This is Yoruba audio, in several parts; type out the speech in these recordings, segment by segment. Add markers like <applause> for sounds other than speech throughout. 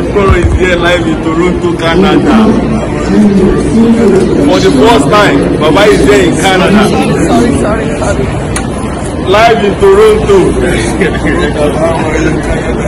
Shiforo is here live in Toronto, Canada. For the first time, Baba is here in Canada. Sorry, sorry, sorry. Live in Toronto. <laughs>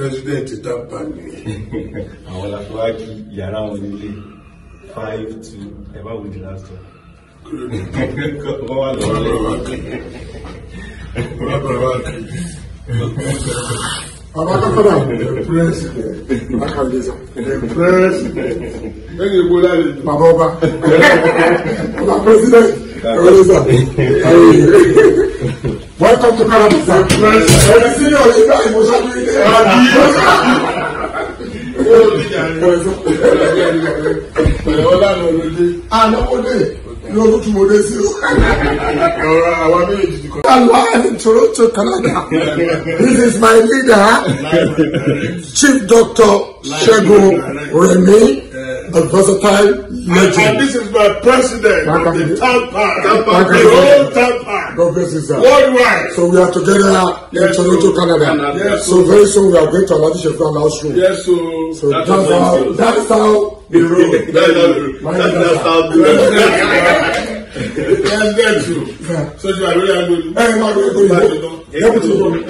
president dábà ni. àwọn làfọwájú yàrá wọn nílé five to ẹ bá wo di last one. kọ́ wà lọ́wọ́ lẹ́yìn. bàbá wa kì í. Bàbá Kápẹ́lá the president Akandesa the president lẹ́yìn ìgbó láyé bàbá ọba bàbá president Akandesa welcome to Canada sir ẹni sí yóò yí báyìí mo sọ́dún ilé ẹ̀ ẹ̀ ọlànà olóde ànámọ́dé lórí tí mo dé sí o. ọ̀rọ̀ àwọn méjì ti kọ́. Allah in Toronto, Canada this is my leader Chief Doctor Segun Remi a versatile legend. And, and this is my president back of the top part, the whole top part. God bless you, sir. Worldwide. So we are together yes, in Toronto, so. Canada. Yes, so, so very soon we are going to Alhaji Sheffield House show. Yes, so, so that's, that's how that's how the rule. that's, the that's, <laughs> that's how the road. <laughs> yes, that's true. So you are really angry. Ẹ máa gbé gbé ìbò. Ẹ bí tí o bọ̀ mi.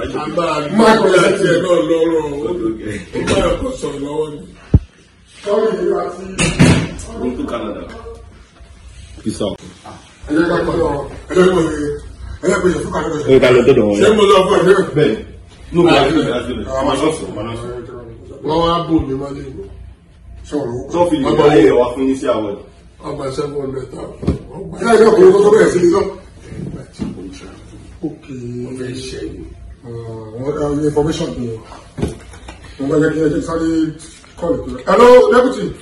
Àgbà àgbà àti ẹ̀ náà lọ́rọ̀ o. Ó bá ẹ̀kọ́ sọ̀rọ̀ lọ́wọ́ ni sọ́ọ̀rì àti. wọ́n tún Canada. peace out. ẹ̀yẹ́ ká pẹ̀lú ọ ẹ̀yẹ́ kò lè ẹ̀yẹ́ kò lè fún Canada. ẹ̀yẹ́ ká lọ dọ̀dọ̀ wọn. ṣé mo lọ fún ẹ̀yẹ́. bẹ́ẹ̀ ní òkú àti ìrìn àti ìrìn àwọn aṣọ́ọ̀sì wọn wá bùn mi wálé sọ̀rọ̀ ó. tó fi ìgbà ayé wa fún yín sí àwọn ẹ̀. ọgbà seven hundred thousand. ilé ẹjọ́ kò ní kó tó bẹ̀rẹ̀ sí ní sọ. ókè ọ̀rọ̀ information ni o. mo gbàgbé kí ẹ ti sáré Call it. Hello, deputy.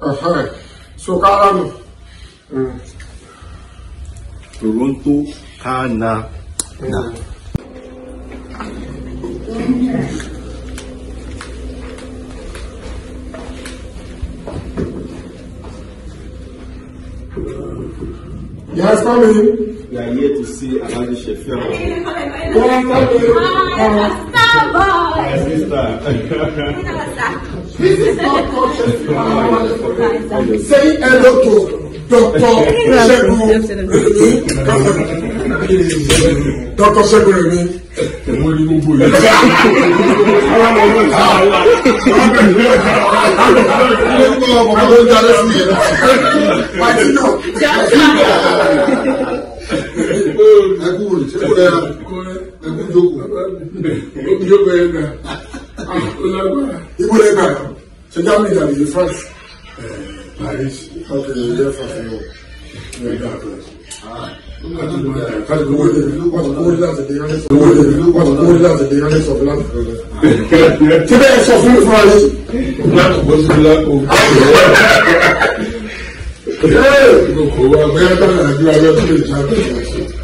uh hi. So, Karano. Mm. Toronto, Kana. Mm. Nah. Yes, come in. We are here to see Alhaji Sheffield. Yes, come in. Come on, come on. Say hello to Dr. Segun. Dr. Segun Remi. Mo ní gbogbo yìí. Àwọn ọmọ ọmọ ìta wà. Àwọn ọmọ ọmọ ìta ló ń jalè sí i. Pàtínà ẹkú rè ṣé kò rẹ ẹkú jókòó. ẹkú jókòó yẹn gbà ibo lẹ gbà ṣe germany dàbí yìí france paris france lè jẹ france yọ ẹ gbà pẹ̀lú. Kati gbogbo de bi kọtọ kó ní láti di yánlẹ sọfún gbogbo de bi kọtọ kó ní láti di yánlẹ sọfún láti fẹlẹ. Tí bẹ́ẹ̀ sọ fún mi fún ayé. Náà kò bó síbi lápò ìgbà wo àgbẹ̀yàtọ̀ nàìjíríà lọ́sílẹ̀ ìjà àgbẹ̀yàtọ̀.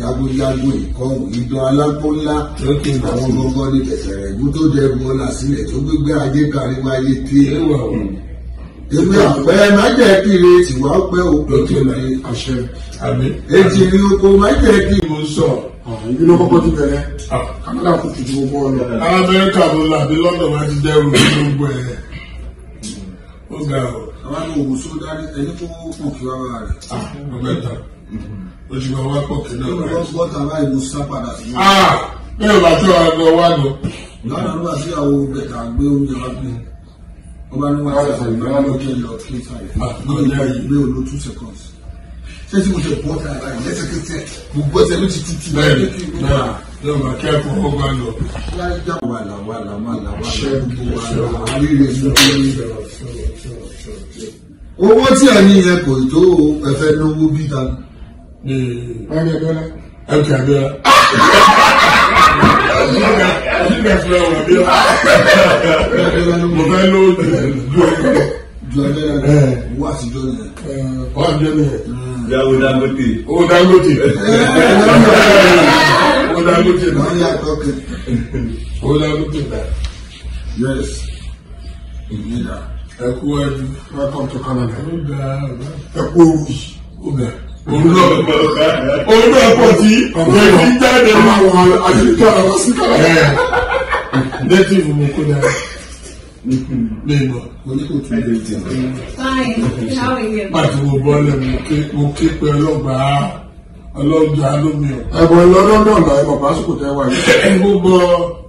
jagunjagun ìkọrùn idán alágbóńlá àwọn gbọngàn ní tẹsẹrẹ ìlú tó jẹ egun ọlá sílẹ̀ tó gbégbé ajé káríwá ayé tí èmi àpẹ májẹkiri tìwá pẹ òkú oko mo sọ. kọ́kọ́ ti bẹ̀rẹ̀ kò amẹ́ríkà ló london dẹ́rù ní gbogbo àwa ní òwò só dárí ẹni tó pọ̀ kí wá bá rẹ̀. ọgbẹ́ ta ojú wa wá pọ̀ kí náà. lọ́wọ́ bọ́tà báyìí mo sá padà sí. bẹ́ẹ̀ bá tó àwọn ọgbẹ́ wa lọ. lọ́nà ló bá sí àwọn bẹ̀tà gbé oúnjẹ wa gbé ọba ní wàá sàlẹ̀ lọ́wọ́ ló kí n lọ kí n sàlẹ̀. ní ìgbé olótú seconds ṣé tí mo ṣe pọ̀ tààrà yìí lẹ́sẹ̀kẹsẹ̀ mo gbọ́ tẹ ló ti tutù. bẹ́ẹ̀ni náà náà máa kí ẹ̀kọ́ ó bá lọ. lájà wà làwà làwà làwà ṣẹ́gun wà làwà rírẹ̀ ní orí. owó tí a ní yẹn kò tó ẹfẹ náwó bí ta. ọ̀rẹ́ abẹ́rẹ́ ẹ̀kẹ́ abẹ́rẹ́. Mo fẹ́ lóòótọ́ jọjọ náà eh. wá sí jọ náà. wá jọ náà. yàwó dangote. o dangote. o eh, eh, dangote náà. wọ́n yà tọ́kì. o dangote náà. yes ìyíra. ẹ kú ẹdun welcome to Canada. ẹ kú owó yìí. o bẹ. Olúwa Olúwa pọ̀ tí ọ̀gbẹ́ni jáde. Àwọn àṣìkò àwọn síkàlà. Native mo kó dára bẹ́ẹ̀ ma mo ní kò tún lè jẹ. pàtó mo bọ́ lẹ̀ mo ké pé ọlọ́gbàá ọlọ́gbàá lómi ọ̀. ẹ̀bùn ẹ̀lọ́dọ́dọ̀ ọ̀la ẹ̀ bàbá sùkùtà ẹ̀ wà mo bọ́